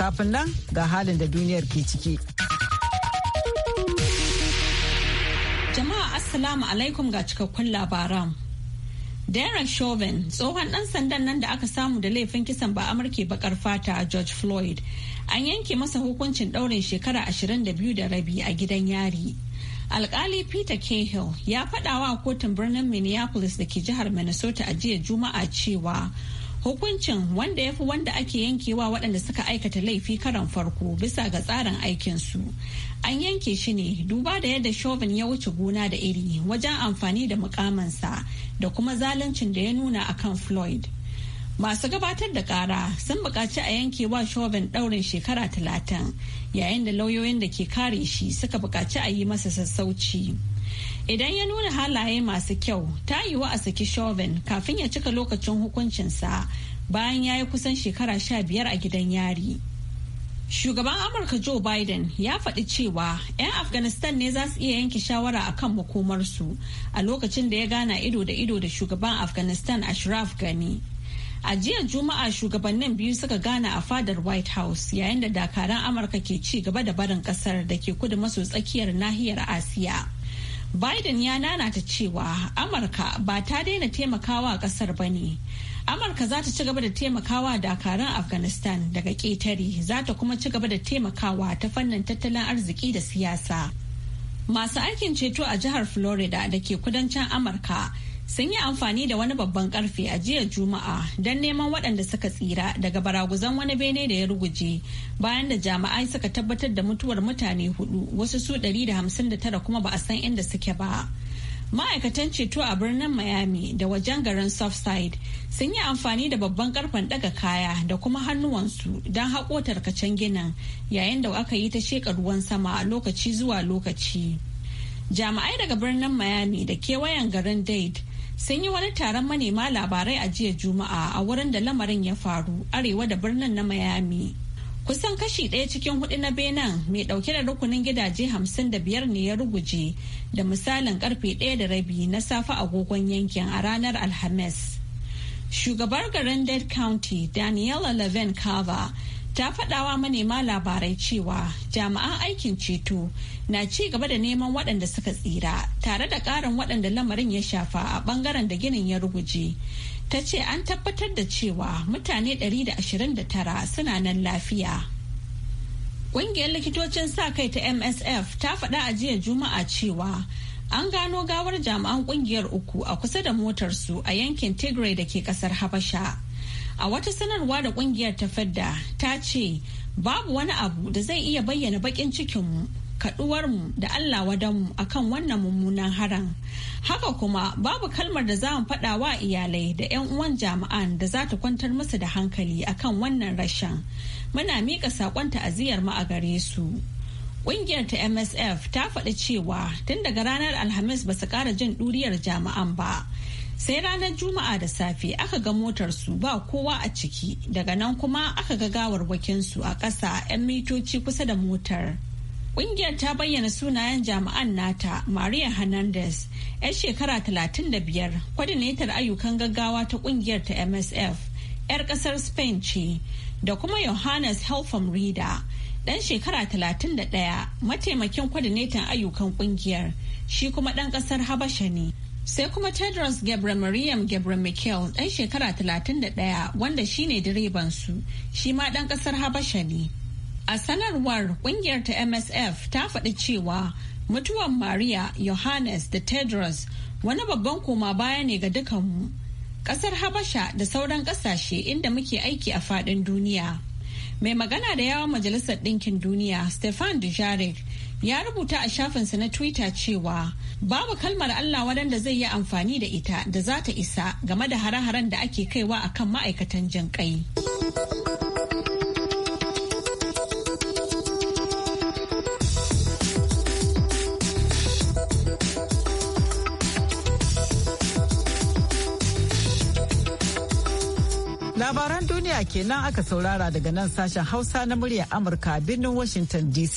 Kafin nan ga halin da duniyar ke ciki. Jama'a Assalamu alaikum ga cikakkun labaran. Darren Chauvin, tsohon ɗan sandan nan da aka samu da laifin kisan ba amurke bakar fata a George Floyd, an yanke masa hukuncin ɗaurin shekara 22 da rabi a gidan yari. Alkali Peter Cahill ya faɗawa kotun birnin Minneapolis da ke jihar Minnesota a jiya Juma'a cewa Hukuncin wanda ya fi wanda ake yankewa waɗanda suka aikata laifi karan farko bisa ga tsarin aikinsu. An yanke shi ne duba da yadda Chauvin ya wuce gona da iri wajen amfani da mukamansa da kuma zaluncin da ya nuna akan Floyd. Masu gabatar da kara sun bukaci a yanke wa Chauvin ɗaurin shekara talatin yayin da lauyoyin da ke kare shi suka bukaci a yi masa sassauci. Idan ya nuna halaye masu kyau, ta yi wa a saki Chauvin kafin ya cika lokacin hukuncinsa bayan ya yi kusan shekara sha biyar a gidan yari. Shugaban Amurka Joe Biden ya faɗi cewa 'yan Afghanistan ne za su iya yanke shawara a kan makomarsu a lokacin da ya gana ido da ido da shugaban Afghanistan a Ashraf gani A jiya Juma'a shugabannin biyu suka gana a fadar White House yayin da dakaran Amurka ke ci gaba da barin kasar da ke kudu maso tsakiyar nahiyar Asiya. Biden ya nanata cewa Amurka ba ta daina taimakawa kasar ba ne. Amurka za ta ci gaba da taimakawa dakaran Afghanistan daga ƙetare za ta kuma ci gaba da taimakawa ta fannin tattalin arziki da siyasa. Masu aikin ceto a jihar Florida da ke kudancin Amurka sun yi amfani da wani babban karfe a jiya juma'a don neman waɗanda suka tsira daga baraguzan wani bene da ya ruguje bayan da jami'ai suka tabbatar da mutuwar mutane hudu wasu su 159 kuma ba a san inda suke ba ma'aikatan ceto a birnin miami da wajen garin southside sun yi amfani da babban karfen daga kaya da kuma hannuwansu don haƙo tarkacen ginin yayin da aka yi ta sheƙa ruwan sama lokaci zuwa lokaci jami'ai daga birnin miami da kewayen garin dade sun yi wani taron manema labarai a jiya juma'a a wurin da lamarin ya faru arewa da birnin na miami kusan kashi ɗaya cikin hudu na benin mai ɗauke da rukunin gidaje hamsin da biyar ne ya ruguje da misalin karfe ɗaya da rabi na safe agogon yankin a ranar alhamis shugabar garin dead county daniela levin carver ta faɗawa manema labarai cewa jami'an aikin ceto na ci gaba da neman waɗanda suka tsira tare da ƙarin waɗanda lamarin ya shafa a ɓangaren da ginin ya ruguje ta ce an tabbatar da cewa mutane 129 suna nan lafiya ƙungiyar likitocin sa kai ta msf ta faɗa a jiya juma'a cewa an gano gawar jami'an ƙungiyar uku a kusa da motarsu a yankin tigray da ke ƙasar habasha A wata sanarwa da kungiyar ta fadda ta ce babu wani abu da zai iya bayyana bakin cikinmu mu da Allah wadanmu akan wannan mummunan haran. Haka kuma babu kalmar da za mu faɗa wa iyalai da 'yan uwan jama'an da za ta kwantar musu da hankali akan wannan rashin. Muna miƙa saƙon ta'aziyar mu a gare su. Ƙungiyar ta MSF ta faɗi cewa tun daga ranar Alhamis ba su ƙara jin ɗuriyar jama'an ba. sai ranar juma'a da safe aka ga motar su ba kowa a ciki daga nan kuma aka ga gawarwakin su a ƙasa 'yan mitoci kusa da motar Ƙungiyar ta bayyana sunayen jami'an nata Maria Hernandez, 'yar shekara 35, kwadinetar ayyukan gaggawa ta ƙungiyar ta MSF, 'yar ƙasar Spain ce, da kuma Yohannes Helfam Rida, ɗan shekara 31, mataimakin kwadinetan ayyukan ƙungiyar, shi kuma ɗan ƙasar Habasha ne. sai kuma tedros gebre mariam gebre shekara dan shekara 31 wanda shine direban su shi ma dan kasar habasha ne a sanarwar kungiyar ta msf ta faɗi cewa mutuwan maria yohannes da tedros wani babban koma baya ne ga mu. kasar habasha da sauran kasashe inda muke aiki a faɗin duniya mai magana da yawon majalisar ɗinkin duniya stefan dujarric ya rubuta a shafinsa na twitter cewa babu kalmar allah wadanda zai yi amfani da ita da za ta isa game da hare-haren da ake kaiwa a kan ma'aikatan jin kai. labaran duniya kenan aka saurara daga nan sashen hausa na murya amurka birnin washington dc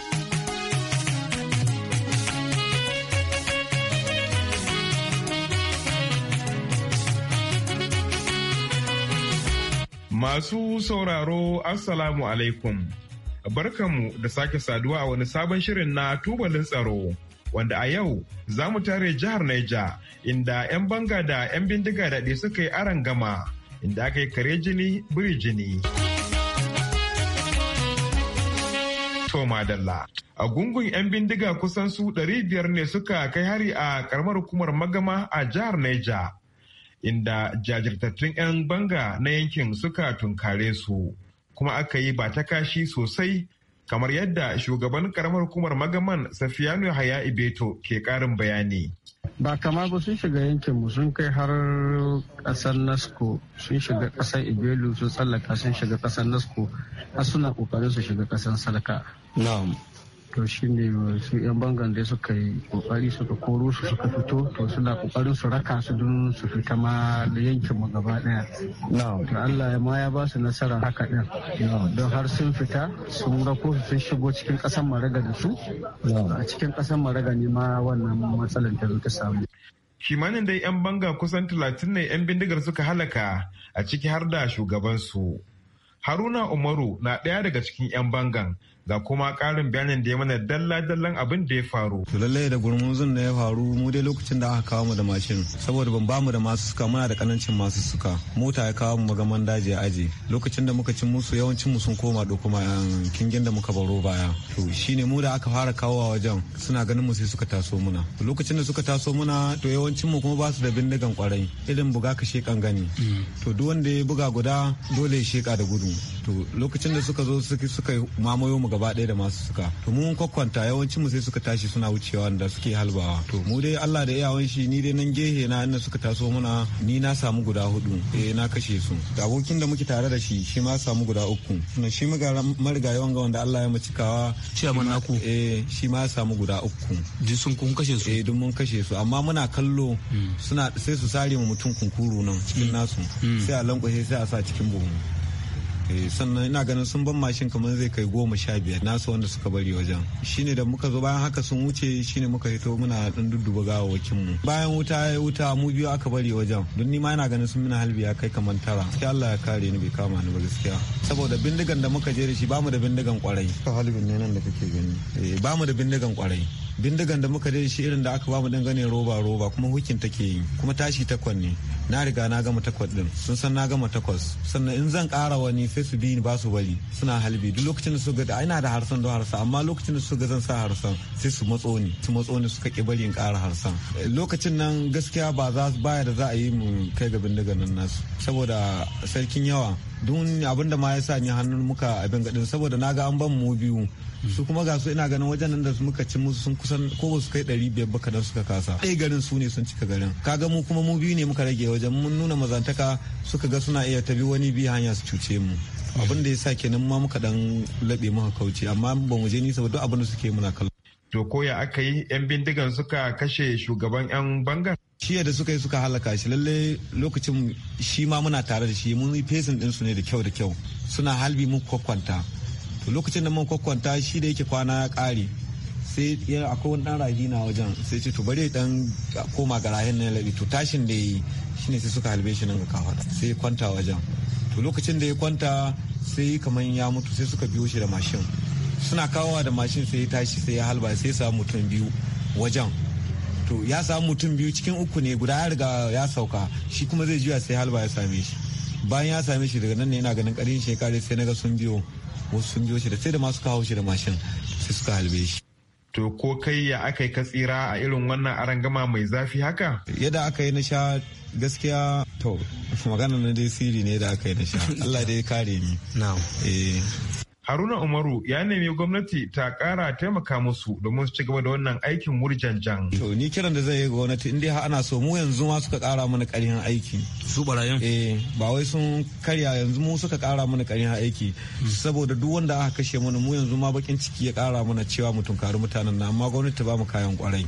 Masu sauraro Assalamu alaikum. Barkanmu da sake saduwa a wani sabon shirin na tubalin tsaro. Wanda a yau za mu tare jihar Naija inda 'yan banga da 'yan bindiga daɗe suka yi aron gama inda aka yi kare jini biri jini. tomadalla A gungun 'yan bindiga kusan su biyar ne suka kai hari a karamar hukumar magama a jihar Naija. inda jajirtattun 'yan banga na yankin suka tunkare su kuma aka yi ba ta kashi sosai kamar yadda shugaban karamar hukumar magaman safiyanu haya ibeto ke karin bayani ba kama ba sun shiga yankin mu sun kai har kasar nasko sun shiga kasar ibelu sun tsallaka sun shiga kasar nasko har suna kokarin su shiga kasar salka to ne su yan bangan da suka yi kokari suka koro su suka fito to suna kokarin su raka su don su fita ma da yankin mu gaba daya to Allah ya ma ya ba su nasara haka din don har sun fita sun rako sun shigo cikin kasan maraga da su a cikin kasan maraga ne ma wannan matsalar da ta samu kimanin dai 'yan banga kusan 30 ne 'yan bindigar suka halaka a ciki har da shugaban su. Haruna Umaru na ɗaya daga cikin 'yan bangan da kuma karin bayanin da ya mana dalla-dallan abin da ya faru. lallai da gurmuzun da ya faru mu dai lokacin da aka kawo mu da mashin saboda ban bamu da masu suka muna da kanancin masu suka mota ya kawo mu magaman daji a aji lokacin da muka cin musu yawancin mu sun koma da kuma um, kingin da muka baro baya to shine mu da aka fara kawo a wajen suna ganin mu sai suka taso muna lokacin da suka taso muna to yawancin mu kuma ba su da bindigan kwarai irin buga ka gani to duk wanda ya buga guda dole ya sheka da gudu to lokacin da suka zo suka mamayo mu gaba ɗaya da masu suka to mun kwakwanta yawanci mu sai suka tashi suna wucewa da suke halbawa to mu dai Allah da iyawan shi ni dai nan gehe na inda suka taso muna ni na samu guda hudu eh na kashe su abokin da muke tare da shi shi ma samu guda uku shi muga marigayi wanga wanda Allah ya macikawa ciyaman naku eh shi ma samu guda uku duk sun kun kashe su eh duk mun kashe su amma muna kallo hmm. suna sai su sare mu mutum kunkuru nan cikin hmm. nasu hmm. sai a lankwashe sai a sa cikin buhu Eh, sannan ina ganin sun ban mashin kamar zai kai goma sha biyar nasu wanda suka bari wajen shine da muka zo bayan haka sun wuce shine muka hito muna dan dudduba gawawakin mu bayan wuta ya wuta mu biyu aka bari wajen don ni ma ina ganin sun mina halbi ya kai kamar tara sai Allah ya kare ni bai kama ni ba gaskiya saboda bindigan da muka je da shi bamu da bindigan kwarai ka halbin ne nan da kake gani eh, bamu da bindigan kwarai bindigan da muka je da shi irin da aka bamu dan gane roba roba kuma hukin take yi kuma tashi takwan ne na riga na gama takwas din sun san na gama takwas sannan in zan kara wani sai su bi ni ba su bari suna halbi duk lokacin da su ga ina da harsan don harsan amma lokacin da su ga zan sa harsan sai su matso ni su matso ni suka ki bari in kara harsan lokacin nan gaskiya ba za baya da za a yi mu kai ga bindiga nan nasu saboda sarkin yawa don abin da ma ya sa ni hannun muka abin gadin saboda na ga an ban mu biyu mm. su kuma ga su ina ganin wajen nan da muka ci musu sun kusan ko ba su kai ɗari biyar ba kadan suka kasa ɗaya garin su ne sun cika garin kaga mu kuma mu biyu ne muka rage wajen mun nuna mazantaka suka ga suna iya tabi wani bi hanya su cuce mu abin da ya sa kenan ma muka dan laɓe muka kauce amma ba mu je nisa ba duk abin da suke muna kallo. to koya aka yi yan bindigan suka kashe shugaban yan bangar. shi da suka yi suka halaka shi lalle lokacin shi ma muna tare da shi mun yi fesin din su ne da kyau da kyau suna halbi mun kwakwanta to lokacin da mun kwakwanta shi da yake kwana ya kare sai ya akwai wani dan rahi na wajen sai ce to bari dan koma ga rahin na labi to tashin da yi shine sai suka halbe shi nan ga kafa sai kwanta wajen to lokacin da ya kwanta sai kamar ya mutu sai suka biyo shi da mashin suna kawowa da mashin sai ya tashi sai ya halba sai ya samu mutum biyu wajen to ya samu mutum biyu cikin uku ne guda ya riga ya sauka shi kuma zai juya sai halba ya same shi bayan ya same shi daga nan ne yana ganin karin shekara sai na ga sun biyo wasu sun biyo shi da sai da masu kawo shi da mashin sai suka halbe shi to ko kai ya aka yi katsira a irin wannan arangama mai zafi haka yadda aka yi na sha gaskiya to magana na dai siri ne da aka yi na sha Allah dai kare ni eh Haruna Umaru ya nemi gwamnati ta kara taimaka musu domin su ci gaba da wannan aikin murjanjan. To ni kiran da zai yi gwamnati in dai ana so mu yanzu ma suka kara mana ƙarfin aiki. Su barayin? Eh ba wai sun karya yanzu mu suka kara mana ƙarfin aiki. Saboda duk wanda aka kashe mana mu yanzu ma bakin ciki ya kara mana cewa mu karu mutanen na amma gwamnati ta ba mu kayan kwarai.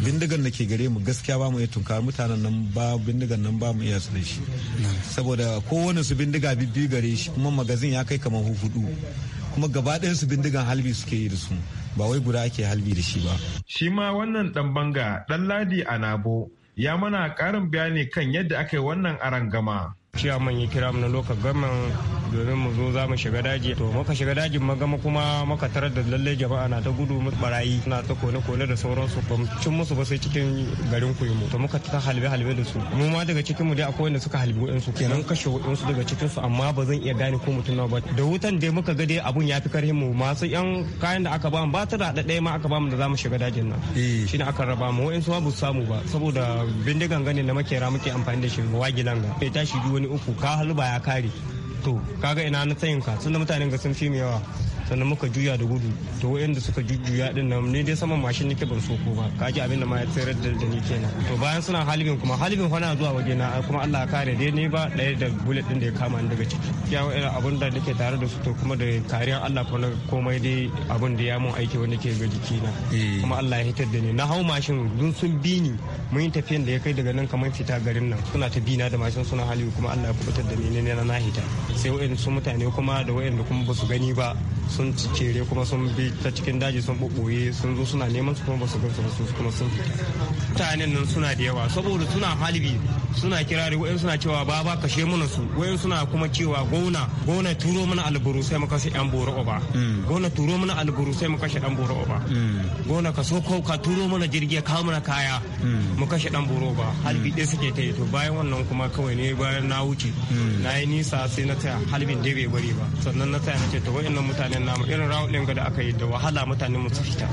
bindigar da ke gare mu gaskiya ba mu iya tunkar mutanen nan ba bindigar nan ba mu iya su shi saboda kowane su bindiga bibbi gare shi kuma magazin ya kai kamar hudu kuma gaba ɗayan su bindigan halbi suke yi da su ba wai guda ake halbi da shi ba shi ma wannan dan banga dan ladi anabo ya mana karin bayani kan yadda aka yi wannan arangama ciyaman ya kira mu na lokacin gaman domin mu zo za mu shiga daji to muka shiga dajin magama kuma muka tarar da lalle jama'a na ta gudu barayi na ta kone kone da sauransu ba mu cin musu ba sai cikin garin kuyumu to muka ta halbe halbe da su mu ma daga cikin mu dai akwai wanda suka halbi wayansu kenan kashe wayansu daga cikin su amma ba zan iya gane ko mutum na ba da wutan dai muka ga dai abun ya fi karhin mu masu yan kayan da aka ba mu ba ta da ɗaya ma aka ba mu da za mu shiga dajin nan eh. shine aka raba mu wayansu ba su samu ba saboda bindigan gane na makera muke amfani da shi wagilanga bai tashi duk gwangwani uku ka halba ya kare to kaga ina na tsayin ka da mutanen ga sun fi mu yawa sannan muka juya da gudu to wayanda suka jujjuya din nan ne dai saman mashin nake ban so ko ba kaji abin da ma ya tsere da ni kenan to bayan suna halibin kuma halibin kwana zuwa waje na kuma Allah ya kare dai ni ba daya da bullet din da ya kama ni daga ciki ya wani abun da nake tare da su to kuma da kariyar Allah kuma komai dai abun da ya mun aiki wanda ke ga na. Eh. kuma Allah ya hitar da ni na hau mashin dun sun bi ni mun yi tafiyan da ya kai daga nan kamar fita garin nan suna ta bina da mashin suna halibi kuma Allah ya kubutar da ni ne na hita sai wayan su mutane kuma da wayan da kuma ba su gani ba su sun cire kuma sun bi ta cikin daji sun bubbuye sun zo suna neman su kuma ba su gansu ba su kuma sun fita mutanen nan suna da yawa saboda suna halibi suna kirari wayan suna cewa ba ba kashe mana su wayan suna kuma cewa gona gona turo mana alburu sai mu kashe yan boro ba hmm. gona turo mana alburu sai mu kashe dan boro ba hmm. gona ka so ko ka turo mana jirgi ka mana kaya hmm. mu kashe dan boro ba halibi dai suke ta yi to bayan wannan kuma kawai ne bayan na wuce na yi nisa sai na taya halibin da bai bari ba sannan na taya na ce to wayannan mutanen nan namu irin round da aka yi da wahala mutane mu fita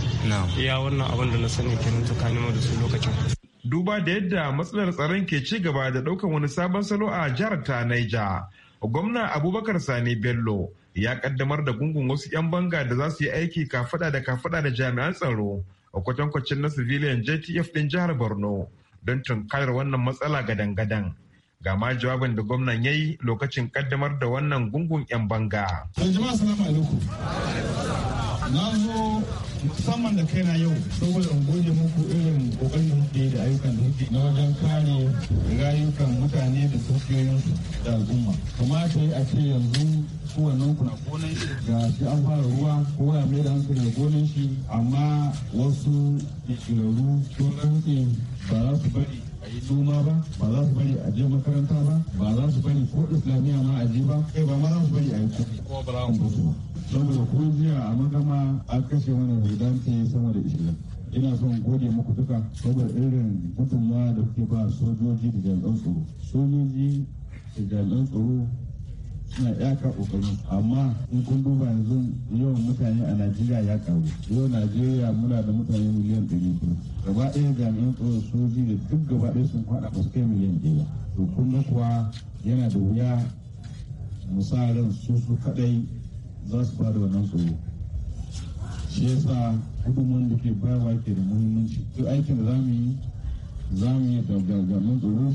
ya wannan abin da na sani kenan tsakanin mu da su lokacin duba da yadda matsalar tsaron ke ci gaba da daukan wani sabon salo a jihar ta Naija gwamna Abubakar Sani Bello ya kaddamar da gungun wasu 'yan banga da za su yi aiki kafada da kafada da jami'an tsaro a kwatankwacin na civilian JTF din jihar Borno don tunkarar wannan matsala gadan-gadan. ga ma jawabin da gwamnan ya yi lokacin kaddamar da wannan gungun 'yan banga. jama'a salamu alaikum na zo musamman da kaina yau saboda in gode muku irin kokarin da da ayyukan da kuke na wajen kare rayukan mutane da dukiyoyinsu da al'umma kamata a ce yanzu kowannen ku gonan shi ga shi an fara ruwa kowa ya mai da hankali da gonan shi amma wasu kirkirarru ko rantsi ba za su bari a yi noma ba ba za su bari a je makaranta ba ba za su bari ko islamiyya ma a je ba kai ba ma za su bari a yi kuɗi ko ba za mu su ba saboda ko jiya a magama an kashe mana hudante sama da ishirin ina son gode muku duka saboda irin gudunmawa da kuke ba sojoji da jami'an tsaro sojoji da jami'an tsaro suna iyaka kokari amma in kun duba yanzu yawan mutane a najeriya ya karu yau najeriya muna da mutane miliyan ɗari biyu gaba ɗaya jami'an tsaro soji da duk gaba ɗaya sun kwaɗa ba su kai miliyan ɗaya to kuma kuwa yana da wuya musaran su su kaɗai za su bada wannan tsoro shi yasa gudunmuwan da ke bayarwa ke da muhimmanci duk aikin da za mu yi za mu yi da tsoro.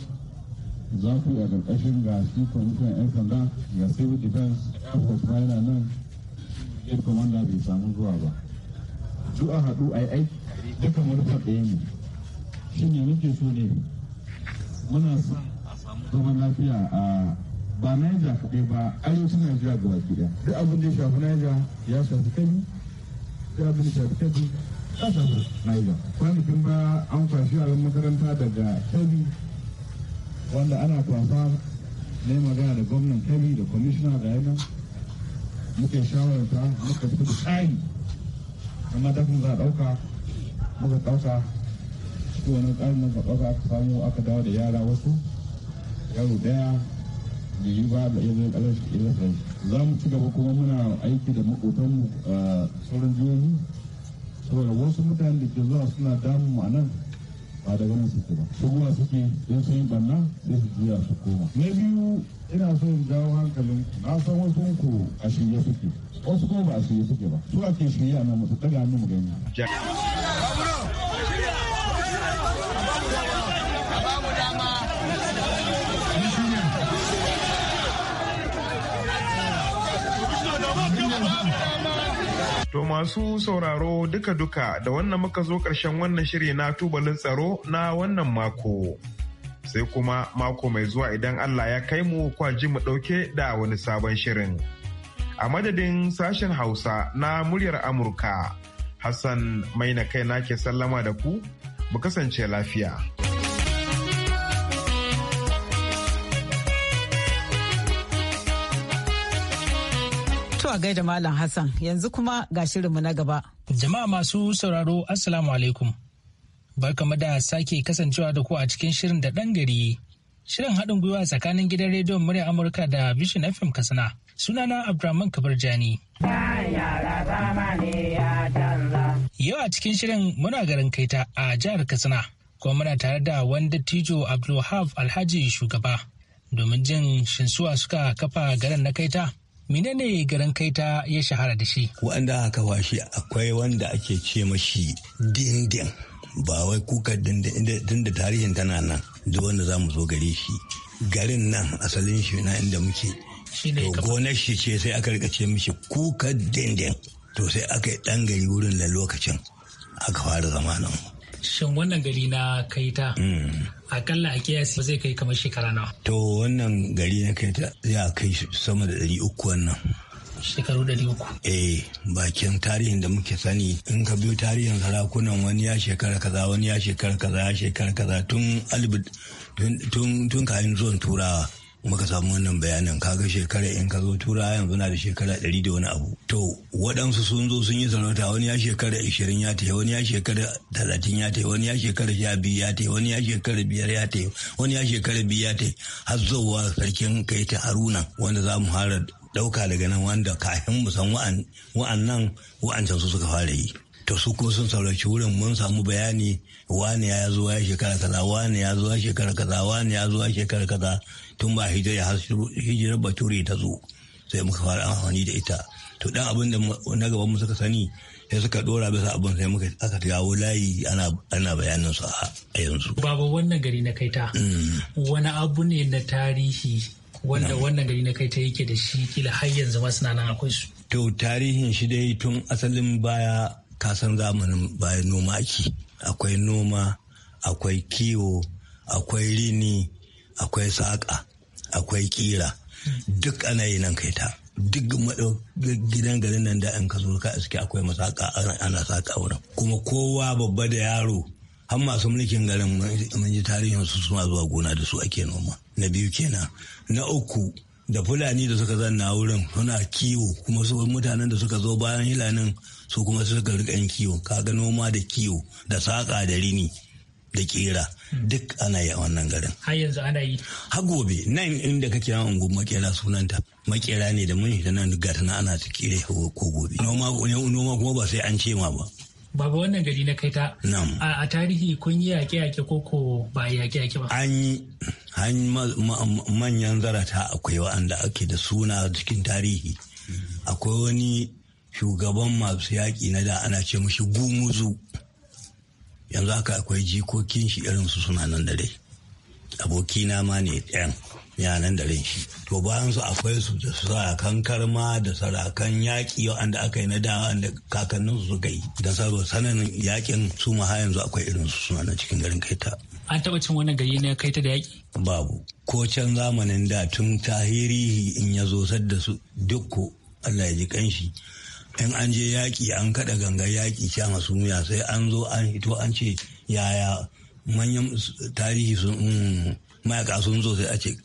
za ku a ƙarƙashin ga shi kwamitin 'yan sanda ga civil defense air force yana nan yin commander bai samu zuwa ba Su a haɗu a yi aiki duka murfa ɗaya ne shin ne muke so ne muna son a samu zama lafiya a ba naija kaɗai ba arewacin najeriya ga baki ɗaya duk abin da ya shafi naija ya shafi kani duk abin da ya shafi kani ya shafi naija kwanakin ba an kwashi a makaranta daga kani wanda ana kwafa ne magana da gwamnan kebbi da kwamishina da yana muke shawararta muka fito da tsari amma dafin za a ɗauka muka ɗauka cikin wani tsarin muka ɗauka aka samu aka dawo da yara wasu yaro daya da yi ba da yanzu ƙalar shi ƙila sai za mu ci gaba kuma muna aiki da maƙotanmu sauran jihohi saboda wasu mutane da ke zuwa suna mu a nan ba da ganin suke ba shigowa suke in sun yi banna sai su juya su koma na biyu ina so in jawo hankalin na san wasu ku a shirye suke wasu kuma ba a shirye suke ba su ake shirye a nan mu daga hannu mu gani To masu sauraro duka-duka da wannan muka zo ƙarshen wannan shiri na tubalin tsaro na wannan mako. Sai kuma mako mai zuwa idan Allah ya kai mu kwaji mu ɗauke da wani sabon shirin. A madadin sashen Hausa na muryar Amurka, Hassan mai na kai na ke sallama da ku, mu kasance lafiya. To a gaida Malam Hassan yanzu kuma ga shirinmu na gaba. Jama'a masu sauraro Assalamu alaikum. mu da sake kasancewa da ku a cikin shirin da ɗan gari. Shirin haɗin gwiwa tsakanin gidan rediyon murya Amurka da Vision FM Katsina. Sunana Abdulrahman Jani. Yau a cikin shirin muna garin kaita a jihar Katsina. Kuma muna tare da wani dattijo Abdulhaf Alhaji shugaba. Domin jin shinsuwa suka kafa garin na kaita. menene garin ta ya shahara da shi wanda aka shi akwai wanda ake ce mashi dindin ba wai kuka dindin da tarihin tana nan duk wanda za mu zo gare shi garin nan asalin shi na inda muke to gonar shi ce sai aka rika ce mishi kuka dindin to sai aka yi dan gari wurin da lokacin aka fara zamanin shin wannan gari na kaita mm. akalla a kiyasi zai kai kamar shekara nawa to wannan gari na kaita ya kai sama da ɗari uku wannan shekaru ɗari uku eh bakin tarihin da muke sani in ka biyo tarihin sarakunan wani ya shekara kaza wani ya shekara kaza ya shekara kaza tun alib tun kayan zuwan turawa muka samu wannan bayanin kaga shekara in ka zo tura yanzu na da shekara ɗari da wani abu to waɗansu sun zo sun yi sarauta wani ya shekara ishirin ya taya wani ya shekara talatin ya taya wani ya shekara sha biyu ya taya wani ya shekara biyar ya taya wani ya shekara biyu ya taya har zuwa sarkin kai ta haruna wanda za mu fara ɗauka daga nan wanda kafin mu san wa'annan wa'ancan su suka fara yi to su kuma sun sauraci wurin mun samu bayani wani ya zuwa ya shekara kaza wani ya zuwa ya shekara kaza wani ya zuwa ya shekara kaza tun ba hijira har hijirar bature ta zo sai muka fara amfani da ita to dan abin da na gaban mu suka sani sai suka dora bisa abin sai muka aka jawo layi ana ana bayanin su a yanzu baba wannan gari na kaita mm. wani abu ne na tarihi wanda wannan gari na kaita yake da shi kila har yanzu ma suna nan akwai su to tarihin shi dai tun asalin baya kasan zamanin baya noma ake akwai noma akwai kiwo akwai rini akwai saƙa akwai kira duk ana yi nan kai ta duk gidan garin nan da in ka zo ka iske akwai masaka ana saƙa wurin kuma kowa babba da yaro har masu mulkin garin mun ji tarihin su suna zuwa gona da su ake noma na biyu kenan na uku da fulani da suka zanna wurin suna kiwo kuma su mutanen da suka zo bayan hilanin su kuma suka rika yin kiwo kaga noma da kiwo da saƙa da rini da kera duk ana yi a wannan garin. Har yanzu ana yi. Ha gobe nan inda kake yawan ungun makera sunanta makera ne da muni da nan ga na ana ta kere ko gobe. Noma noma kuma ba sai an ce ma ba. Baba wannan gari na kai ta. A tarihi kun yi yaƙe yaƙe ko ko ba yaƙe yaƙe ba. An yi an manyan zarata akwai wa'anda ake da suna cikin tarihi. Akwai wani shugaban masu yaƙi na da ana ce mashi gumuzu. yanzu haka akwai jikokin shi irin su suna nan da rai abokina ma ne ɗayan yanan da shi to bayan su akwai su da sarakan karma da sarakan yaƙi wanda aka yi na da wanda kakannin su suka yi da sabo sananin yaƙin su ma har yanzu akwai irin su suna nan cikin garin kaita an taɓa cin wani gari na kaita da yaƙi babu ko can zamanin da tun tahirihi in ya zo sadda su dukko Allah ya ji kanshi in an je yaƙi an kaɗa gangar yaƙi sha masu miya sai an zo an hito an ce yaya manyan tarihi sun mm, mayaka sun zo sai a ce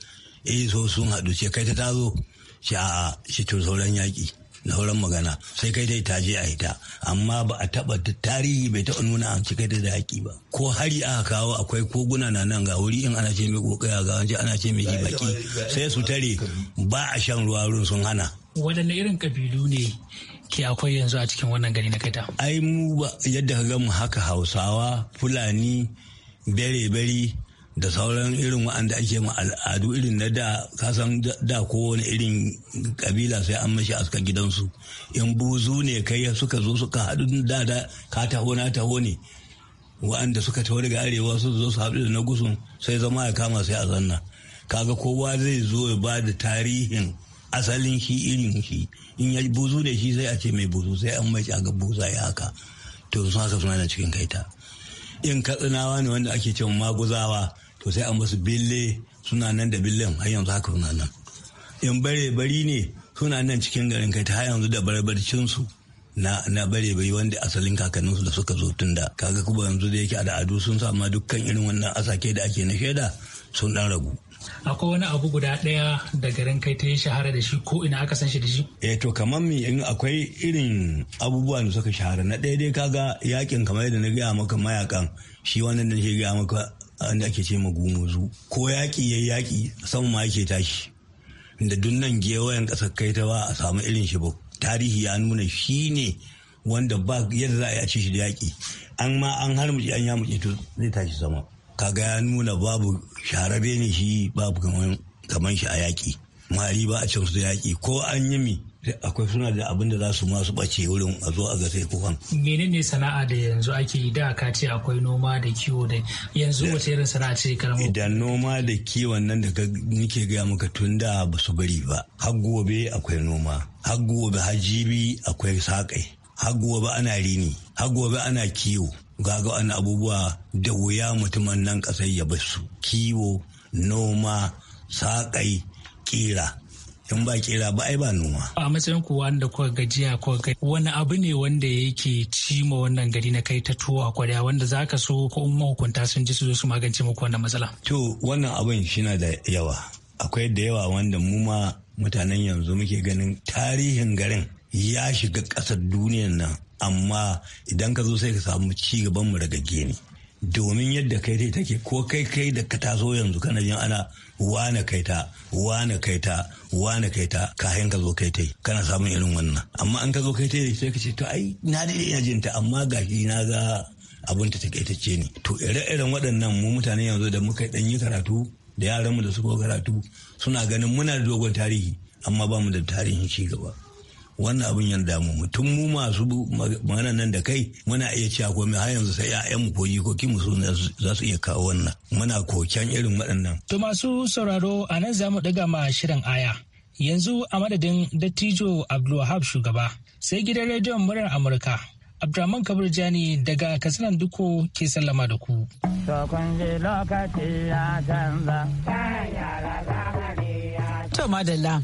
eh so sun haɗu ce kai ta tazo shi a shi to sauran yaƙi da sauran magana sai kai dai taje a hita amma ba a taɓa tarihi bai taɓa nuna an ta da daki ba ko hari aka kawo akwai koguna na nan ga wuri in ana ce mai kokaya ga wance ana ce mai baki sai su tare ba a shan ruwa sun hana waɗanne irin kabilu ne ke akwai yanzu a cikin wannan gari na kaita? Ai mu yadda ka mu haka Hausawa, Fulani, bere-bere da sauran irin wa'anda ake ma al'adu irin na da kasan da kowane irin kabila sai an mashi aska gidansu in buzu ne kai suka zo suka haɗu da da ka taho na taho ne wa'anda suka taho daga arewa su zo su haɗu da na gusun sai zama ya kama sai a zanna kaga kowa zai zo ya ba da tarihin asalin shi irin shi in ya buzu da shi sai a ce mai buzu sai an mai ga buza ya haka to sun haka suna cikin kaita in katsinawa ne wanda ake cewa maguzawa to sai an basu bille suna nan da billen har yanzu haka suna nan in bare bari ne suna nan cikin garin kaita har yanzu da barbarcinsu na na bare bari wanda asalin kakanninsu da suka zo tun da kaga kuma yanzu da yake al'adu sun sama dukkan irin wannan asake da ake na shaida sun dan ragu akwai wani abu guda ɗaya da garin kai ta yi shahara da shi ko ina aka san shi da shi? Eh to kamar mi in akwai irin abubuwan da suka shahara na ɗaya dai kaga yakin kamar yadda na gaya maka mayakan shi wannan da shi gaya maka wanda ake ce ma gumuzu ko yaƙi ya yaƙi sama ma yake tashi da dunnan gewayen ƙasar kai ta ba a samu irin shi ba tarihi ya nuna shi ne wanda ba yadda za a yi a ci shi da yaƙi an ma an har an ya to zai tashi sama. kaga ya nuna babu sharabe ne shi babu kaman shi a yaƙi mari ba a can su yaƙi ko an yi mi akwai suna da abin da za su masu ɓace wurin a zo a ga sai kukan. menene sana'a da yanzu ake yi da ka ce akwai noma da kiwo da yanzu wace irin sana'a ce karamu idan noma da kiwon nan da nike gaya maka tun da ba su bari ba har gobe akwai noma har gobe har jibi akwai saƙai har gobe ana rini har gobe ana kiwo gaga wani abubuwa da wuya mutumin nan kasar ya su kiwo noma saƙai ƙira in ba kira ba ai ba noma. A matsayin kuwa wanda kuka gajiya ko gari, wani abu ne wanda yake cima wannan gari na kai ta tuwo a kwarya wanda za ka so ko in mahukunta sun ji su zo su magance muku wannan matsala. To wannan abin shina da yawa. Akwai da yawa wanda mu ma mutanen yanzu muke ganin tarihin garin ya shiga ƙasar duniyar nan amma idan ka zo sai ka samu ci gaban mu daga gini domin yadda kai dai take ko kai kai da ka taso yanzu kana jin ana wane kai ta wane kai ta wane kai ta kayan ka zo kai tai kana samun irin wannan amma an ka zo kai tai sai ka ce to ai na dai ina jin ta amma gashi na ga abun ta ce ne to ire-iren waɗannan mu mutane yanzu da muka dan yi karatu da yaranmu da suka karatu suna ganin muna da dogon tarihi amma ba mu da tarihin ci gaba wannan abin yan damu mutum mu masu magana nan da kai muna iya cewa komai har yanzu sai ƴaƴan mu ko jikoki mu su za su iya kawo wannan muna koken irin waɗannan to masu sauraro a nan za mu ɗaga ma shirin aya yanzu a madadin dattijo abdulwahab shugaba sai gidan rediyon murar amurka abdulrahman kabir jani daga katsinan duko ke sallama da ku to madalla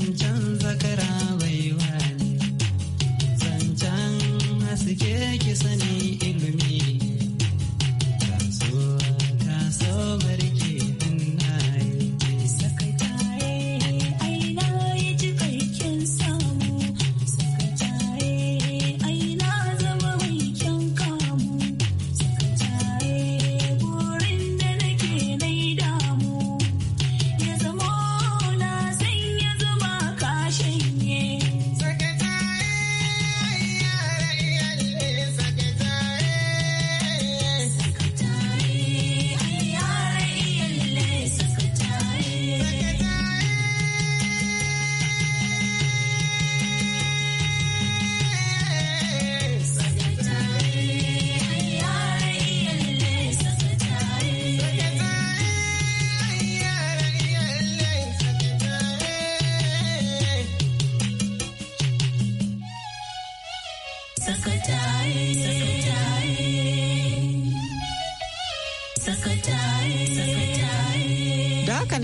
zancen zakara